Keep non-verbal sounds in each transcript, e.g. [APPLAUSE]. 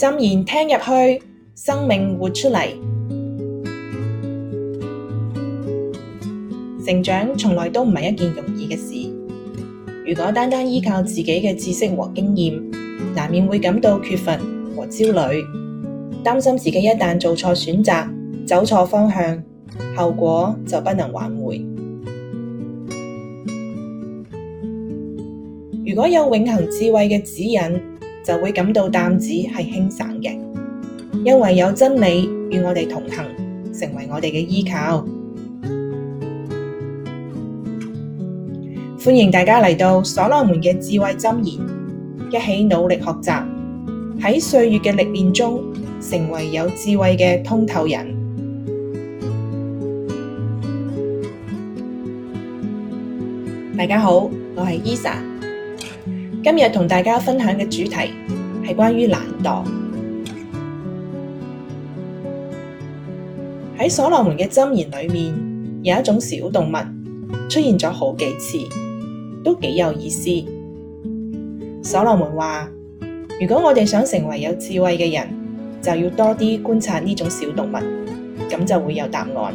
浸然聽入去，生命活出嚟。成長從來都唔係一件容易嘅事。如果單單依靠自己嘅知識和經驗，難免會感到缺乏和焦慮，擔心自己一旦做錯選擇，走錯方向，後果就不能挽回。如果有永恒智慧嘅指引，就會感到擔子係輕省嘅，因為有真理與我哋同行，成為我哋嘅依靠。歡迎大家嚟到所羅門嘅智慧箴言，一起努力學習，喺歲月嘅歷練中，成為有智慧嘅通透人。大家好，我係 Elsa。今日同大家分享嘅主題係關於懶惰。喺所羅門嘅箴言裏面，有一種小動物出現咗好幾次，都幾有意思。所羅門話，如果我哋想成為有智慧嘅人，就要多啲觀察呢種小動物，咁就會有答案。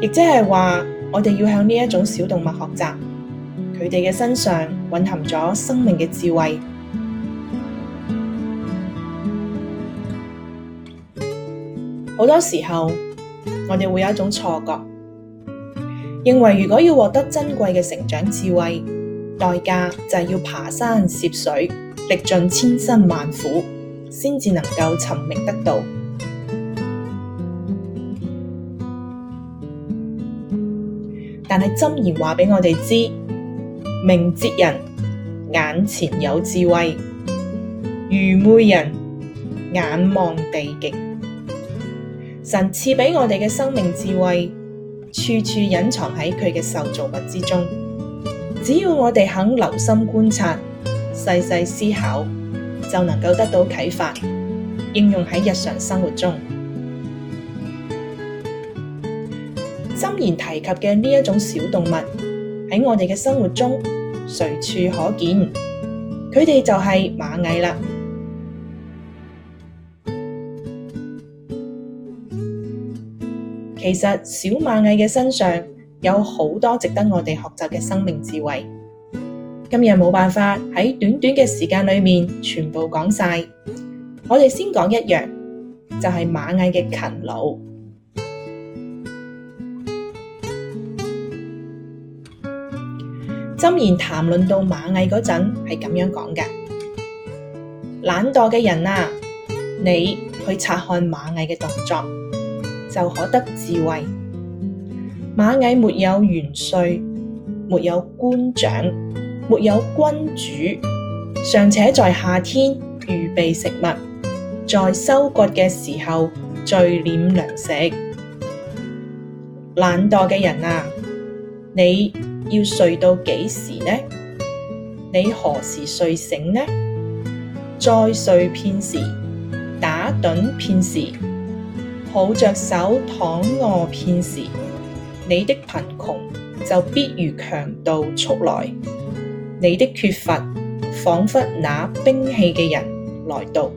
亦即係話，我哋要向呢一種小動物學習。佢哋嘅身上蘊含咗生命嘅智慧，好多時候我哋會有一種錯覺，認為如果要獲得珍貴嘅成長智慧，代價就係要爬山涉水，歷盡千辛萬苦，先至能夠尋覓得到。但係箴言話俾我哋知。明哲人眼前有智慧，愚昧人眼望地極。神賜俾我哋嘅生命智慧，處處隱藏喺佢嘅受造物之中。只要我哋肯留心觀察、細細思考，就能夠得到啟發，應用喺日常生活中。箴言提及嘅呢一種小動物，喺我哋嘅生活中，隨處可見，佢哋就係螞蟻啦。其實小螞蟻嘅身上有好多值得我哋學習嘅生命智慧。今日冇辦法喺短短嘅時間裏面全部講晒，我哋先講一樣，就係螞蟻嘅勤勞。箴言談論到螞蟻嗰陣係咁樣講嘅，懶惰嘅人啊，你去察看螞蟻嘅動作，就可得智慧。螞蟻沒有元帥，沒有官長，沒有君主，尚且在夏天預備食物，在收割嘅時候聚斂糧食。懶惰嘅人啊，你要睡到幾時呢？你何時睡醒呢？再睡片時，打盹片時，抱着手躺臥片時，你的貧窮就必如強盜速來；你的缺乏仿佛拿兵器嘅人來到。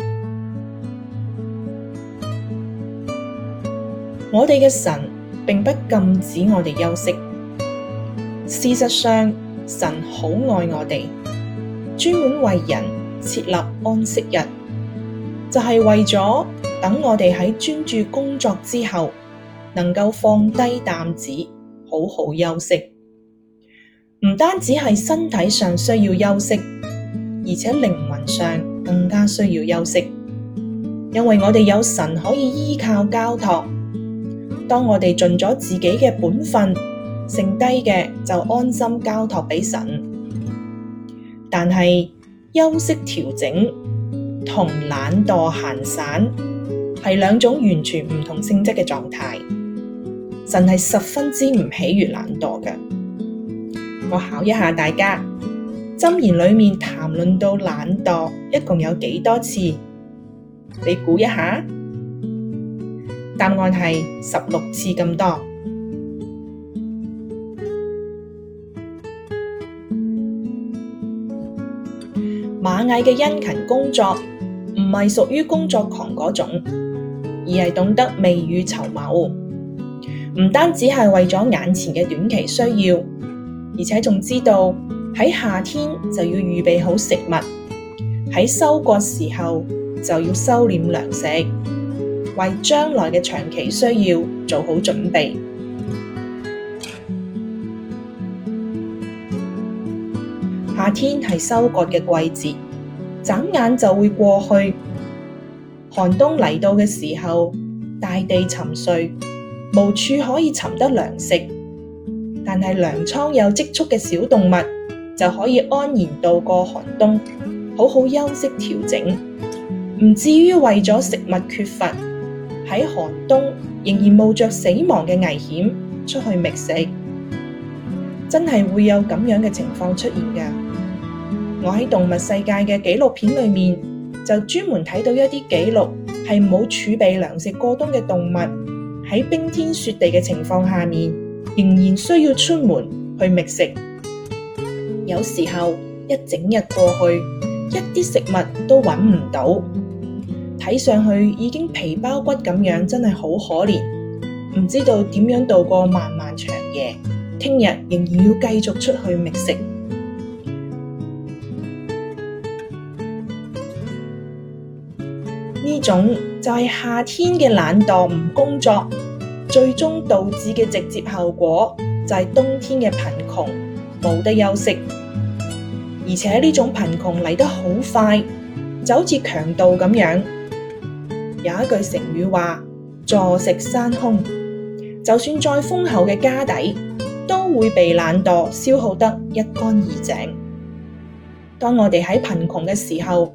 [MUSIC] 我哋嘅神。並不禁止我哋休息。事實上，神好愛我哋，專門為人設立安息日，就係為咗等我哋喺專注工作之後，能夠放低擔子，好好休息。唔單止係身體上需要休息，而且靈魂上更加需要休息，因為我哋有神可以依靠交託。當我哋盡咗自己嘅本分，剩低嘅就安心交託俾神。但係休息調整同懶惰閒散係兩種完全唔同性質嘅狀態。神係十分之唔喜悅懶惰嘅。我考一下大家，箴言裏面談論到懶惰一共有幾多次？你估一下。答案係十六次咁多。螞蟻嘅辛勤工作唔係屬於工作狂嗰種，而係懂得未雨綢繆。唔單止係為咗眼前嘅短期需要，而且仲知道喺夏天就要預備好食物，喺收割時候就要收斂糧食。為將來嘅長期需要做好準備。夏天係收割嘅季節，眨眼就會過去。寒冬嚟到嘅時候，大地沉睡，無處可以尋得糧食。但係糧倉有積蓄嘅小動物就可以安然度過寒冬，好好休息調整，唔至於為咗食物缺乏。喺寒冬仍然冒着死亡嘅危險出去覓食，真係會有咁樣嘅情況出現噶。我喺動物世界嘅紀錄片裏面就專門睇到一啲記錄，係冇儲備糧食過冬嘅動物喺冰天雪地嘅情況下面，仍然需要出門去覓食。有時候一整日過去，一啲食物都揾唔到。睇上去已經皮包骨咁樣，真係好可憐，唔知道點樣度過漫漫長夜，聽日仍然要繼續出去覓食。呢種就係夏天嘅懶惰，唔工作，最終導致嘅直接後果就係冬天嘅貧窮，冇得休息。而且呢種貧窮嚟得好快，就好似強盜咁樣。有一句成語話坐食山空，就算再豐厚嘅家底，都會被懶惰消耗得一乾二淨。當我哋喺貧窮嘅時候，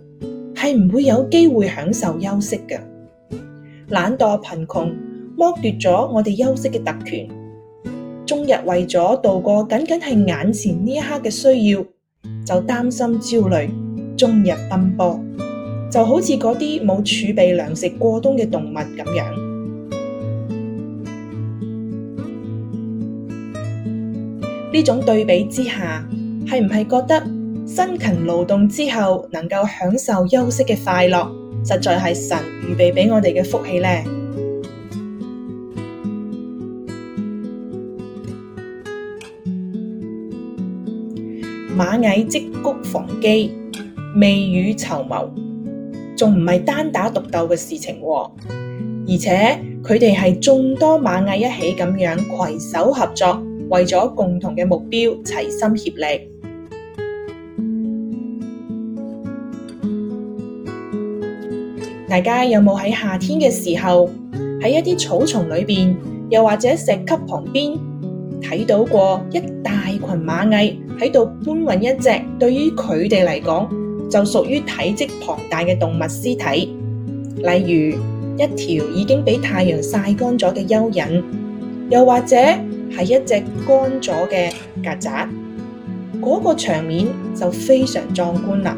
係唔會有機會享受休息嘅。懶惰貧窮剝奪咗我哋休息嘅特權，終日為咗度過僅僅係眼前呢一刻嘅需要，就擔心焦慮，終日奔波。就好似嗰啲冇儲備糧食過冬嘅動物咁樣，呢種對比之下，係唔係覺得辛勤勞動之後能夠享受休息嘅快樂，實在係神預備給我哋嘅福氣呢？螞蟻積穀防饑，未雨綢繆。仲唔係單打獨鬥嘅事情，而且佢哋係眾多螞蟻一起咁樣携手合作，為咗共同嘅目標齊心協力。大家有冇喺夏天嘅時候喺一啲草叢裏面，又或者石級旁邊睇到過一大群螞蟻喺度搬運一隻？對於佢哋嚟講，就屬於體積龐大嘅動物屍體，例如一條已經畀太陽曬乾咗嘅蚯蚓，又或者係一隻乾咗嘅曱甴，嗰個場面就非常壯觀啦。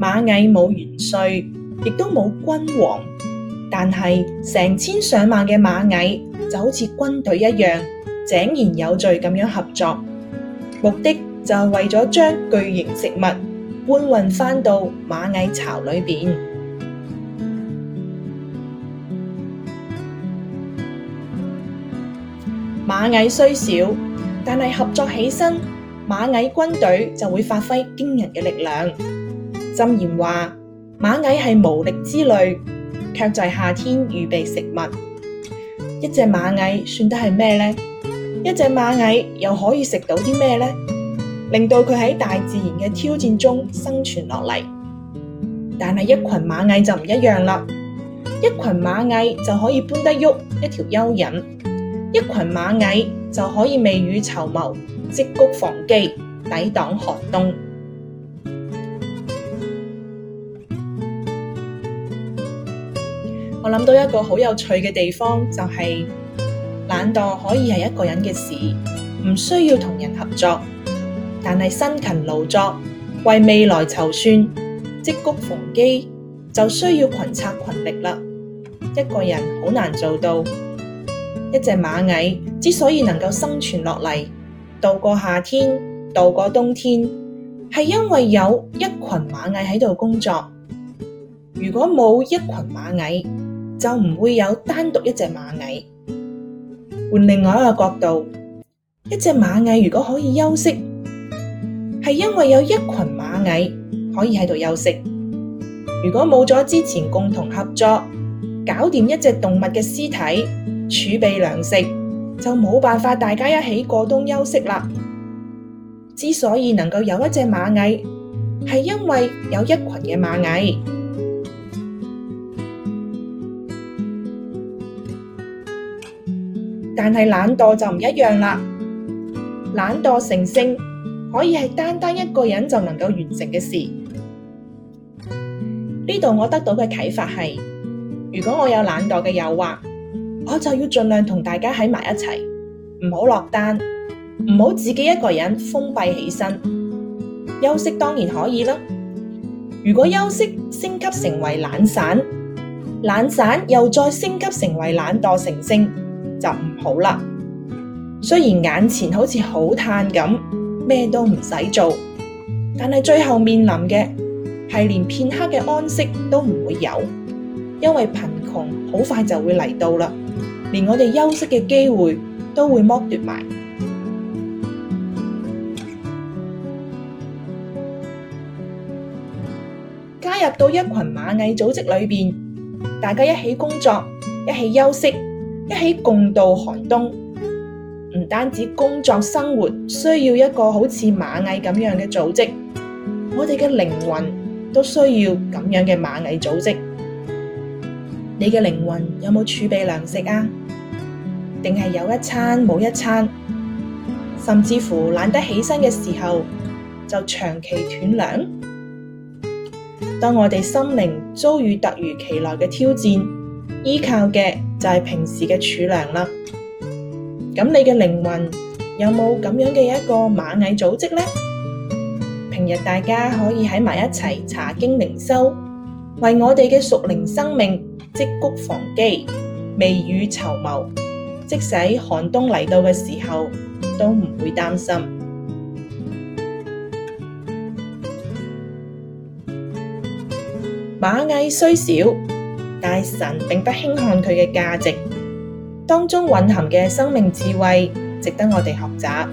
螞蟻冇元帥，亦都冇君王，但係成千上萬嘅螞蟻就好似軍隊一樣。井然有序咁樣合作，目的就係為咗將巨型食物搬運翻到螞蟻巢裏邊。螞蟻雖小，但係合作起身，螞蟻軍隊就會發揮驚人嘅力量。箴言話，螞蟻係無力之類，卻在夏天預備食物。一隻螞蟻算得係咩咧？一隻螞蟻又可以食到啲咩呢？令到佢喺大自然嘅挑戰中生存落嚟。但係一群螞蟻就唔一樣啦。一群螞蟻就可以搬得喐一條蚯蚓，一群螞蟻就可以未雨綢繆，積穀防饑，抵擋寒冬。我諗到一個好有趣嘅地方就係。懶惰可以係一個人嘅事，唔需要同人合作。但係辛勤勞作，為未來籌算，積穀防饑，就需要群策群力啦。一個人好難做到。一隻螞蟻之所以能夠生存落嚟，度過夏天，度過冬天，係因為有一群螞蟻喺度工作。如果冇一群螞蟻，就唔會有單獨一隻螞蟻。換另外一個角度，一隻螞蟻如果可以休息，係因為有一群螞蟻可以喺度休息。如果冇咗之前共同合作，搞掂一隻動物嘅屍體，儲備糧食，就冇辦法大家一起過冬休息啦。之所以能夠有一隻螞蟻，係因為有一群嘅螞蟻。但是，懶惰就唔一樣啦，懶惰成性可以係單單一個人就能夠完成嘅事。呢度我得到嘅啟發係，如果我有懶惰嘅誘惑，我就要盡量同大家喺埋一齊，唔好落單，唔好自己一個人封閉起身。休息當然可以啦。如果休息升級成為懶散，懶散又再升級成為懶惰成性，就唔好啦。雖然眼前好似好嘆咁，咩都唔使做，但係最後面臨嘅係連片刻嘅安息都唔會有，因為貧窮好快就會嚟到啦，連我哋休息嘅機會都會剝奪埋。加入到一群螞蟻組織裏邊，大家一起工作，一起休息。一起共度寒冬，唔單止工作生活需要一個好似螞蟻咁樣嘅組織，我哋嘅靈魂都需要咁樣嘅螞蟻組織。你嘅靈魂有冇儲備糧食啊？定係有一餐冇一餐？甚至乎懶得起身嘅時候，就長期斷糧。當我哋心靈遭遇突如其來嘅挑戰，依靠嘅。就係平時嘅儲糧啦。咁你嘅靈魂有冇咁樣嘅一個螞蟻組織呢？平日大家可以喺埋一齊查經靈修，為我哋嘅屬靈生命積穀防饑，未雨綢繆，即使在寒冬嚟到嘅時候都唔會擔心。螞蟻雖小。但神並不輕看佢嘅價值，當中蘊含的生命智慧值得我哋學習。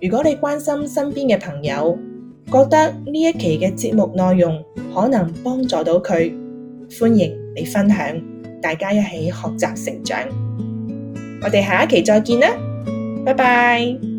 如果你關心身邊嘅朋友，覺得呢一期嘅節目內容可能幫助到佢，歡迎你分享，大家一起學習成長。我哋下一期再見啦，拜拜。